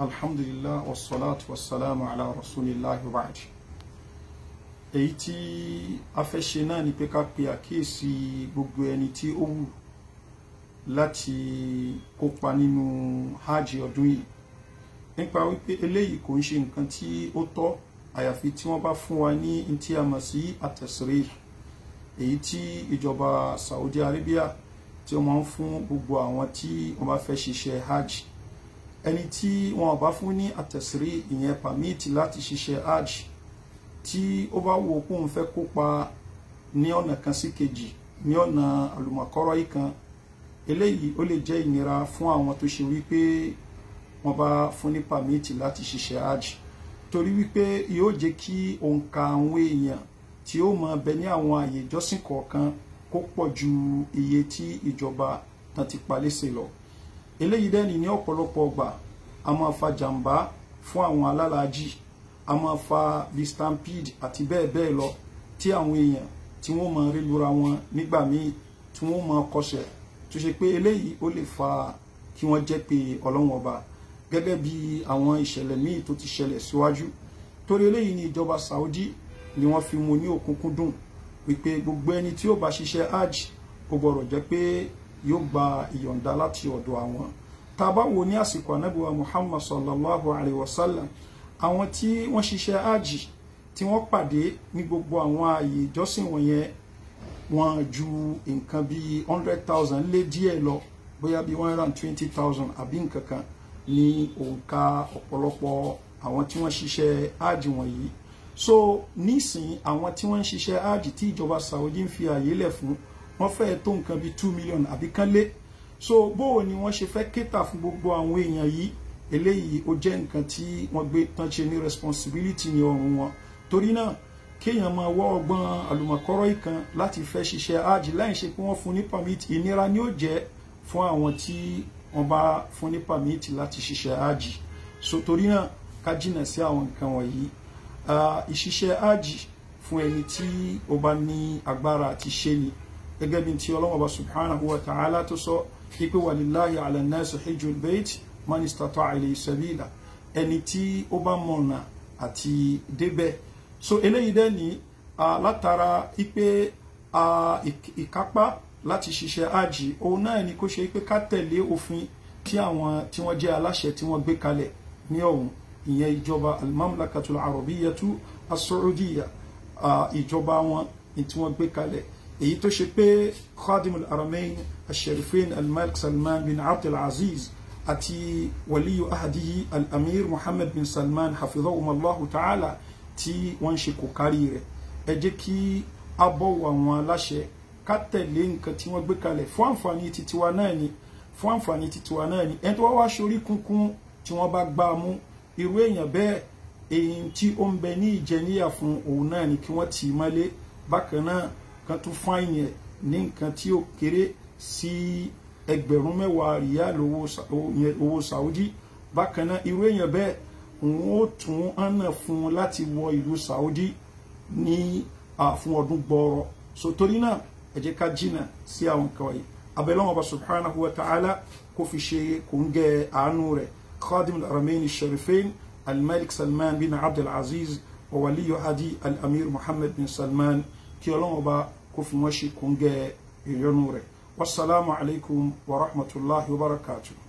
alhamdulillah wassalatu wassalamu ala rasulillahi wa ba'd èyí tí a fẹ́ ṣe náà ni pé ká pe àkíyèsí gbogbo ẹni tí ó wù láti kópa nínú hajj ọdún yìí nípa wípé eléyìí kò ń ṣe nǹkan tí ó tọ́ àyàfi tí wọ́n bá fún wa ní tí a mọ̀ sí àtẹ̀sírí èyí tí ìjọba Saudi Arabia tí wọ́n máa ń fún gbogbo àwọn tí wọ́n bá fẹ́ ṣiṣẹ́ hajj ẹni tí wọn bá fún ní àtẹ̀sírí ìyẹn pàmíìtì láti ṣiṣẹ́ hajj tí ó bá wo kóun fẹ́ kópa ní ọ̀nà kan sí kejì ní ọ̀nà àlùmọ̀kọ́rọ́ yìí kan eléyìí ó lè jẹ́ ìnira fún àwọn tó ṣe wípé wọ́n bá fún ní pàmíìtì láti ṣiṣẹ́ hajj torí wípé yóò jẹ́ kí òǹkà àwọn èèyàn tí ó mọ bẹ ní àwọn àyè ìjọsìn kọ̀ọ̀kan kó pọ̀ ju iye tí ìjọba tán ti palẹ́sẹ̀ lọ eléyìí dẹ́ni ní ọ̀pọ̀lọpọ̀ ọgbà a máa fa jàǹbá fún àwọn alálàájì a máa fa bí stampede àti bẹ́ẹ̀ bẹ́ẹ̀ lọ tí àwọn èèyàn tí wọ́n máa rí lura wọn nígbà míì tí wọ́n máa kọsẹ̀ tó ṣe pé eléyìí ó lè fa kí wọ́n jẹ́ pé ọlọ́run ọba gẹ́gẹ́ bí àwọn ìṣẹ̀lẹ̀ míì tó ti ṣẹlẹ̀ síwájú torí eléyìí ni ìjọba Saudi ni wọ́n fi mú ní òkúnkúndùn wípé gbogbo ẹni tí ó bá ṣiṣẹ́ hajj kò gbọ́dọ̀ jẹ́ pé yóò gba ìyọ̀ǹda láti ọ̀dọ̀ àwọn tá a wo ní àsìkò ànábì muhammad sallallahu alayhi wa sallam àwọn tí wọ́n ṣiṣẹ́ ájì tí wọ́n pàdé ní gbogbo àwọn ààyè ìjọsìn wọ̀nyẹn wọn ju nǹkan bíi hundred thousand lé díẹ̀ lọ bóyá bíi one hundred and twenty thousand àbí nǹkan kan ní òǹkà ọ̀pọ̀lọpọ̀ àwọn tí wọ́n ṣiṣẹ́ ájì wọ̀nyí so nísìnyí àwọn tí wọ́n ń ṣiṣẹ́ ájì tí ìjọba saudi ń fi àyè lẹ̀ fún wọ́n fẹ́ tó nǹkan bíi two million àbí kán lé so bóò ni wọ́n ṣe fẹ́ kéta fún gbogbo àwọn èèyàn yìí eléyìí ó jẹ́ nǹkan tí wọ́n gbé tán ṣe ní responsibility ní ọrùn wọn torí náà kéèyàn máa wọ́ ọgbọ́n àlùmọ̀kọ́rọ́ ìkan láti fẹ́ ṣiṣẹ́ áàjì láì ṣe pé wọ́n fún ní permit ìnira ni ó jẹ́ fún àwọn tí wọ́n bá fún ní permit láti ṣiṣẹ́ áàjì so torí náà ká jìnà sí àwọn nǹkan wọ̀nyí ah, ìṣiṣẹ́ áàjì fún ẹni tí ó bá ní agbára àti ṣe ni gẹ́gẹ́ bí ti Ọlọ́hun Ọba subhanahu wa ta'ala tó sọ ipe walillahi ala nnasi hijjul bayt man istata'a ilayhi sabila ẹni tí ó bá mọ̀nà àti débẹ̀ so eléyìí dẹ́ ní látara ipe ìkápá láti ṣiṣẹ́ ájì òun náà ni kó ṣe pé ká tẹ̀lé òfin tí àwọn tí wọ́n jẹ́ aláṣẹ tí wọ́n gbé kalẹ̀ ní ọ̀hún ìyẹn ìjọba almamlakatul arabiyyatu as ìjọba wọn tí wọ́n gbé kalẹ̀ èyí tó ṣe pé khadimul aramain asherifin almalik salman bin abdul aziz àti waliyu ahadihi al-amir muhammad bin salman hafidhahumullahu ta'ala tí wọ́n ṣe kò kárí rẹ̀ ẹ jẹ́ kí a bọ̀wọ̀ àwọn aláṣẹ ká tẹ̀lé nǹkan tí wọ́n gbé kalẹ̀ fún àǹfààní titiwa náà ni fún àǹfààní titiwa náà ni ẹni tó wá wá ṣorí kunkun tí wọ́n bá gbá a mú irú èèyàn bẹ́ẹ̀ èyí tí ó ń bẹ ní ìjẹníyà fún òun náà ni kí wọ́n tì í mọ́lé bákan náà kan tún fáìn yẹn ní nǹkan tí ó kéré sí ẹgbẹ̀rún mẹ́wàá ríàlì owó Saudi bákan náà irú èèyàn bẹ́ẹ̀ òun ó tún hànà fún un láti wọ ìlú Saudi ní fún ọdún gbọọrọ so torí náà ẹ jẹ́ ká jìnnà sí àwọn nǹkan wọ̀nyí abẹ́lẹ́wọ̀n ọba subhanahu wa ta'ala kó fi ṣe kòńgẹ́ àánú rẹ̀ khadim al sharifin al salman bin abdulaziz wa waliyu hadi al-amir bin salman kí ọlọ́wọ̀n ọba كف كونجي يونوري والسلام عليكم ورحمة الله وبركاته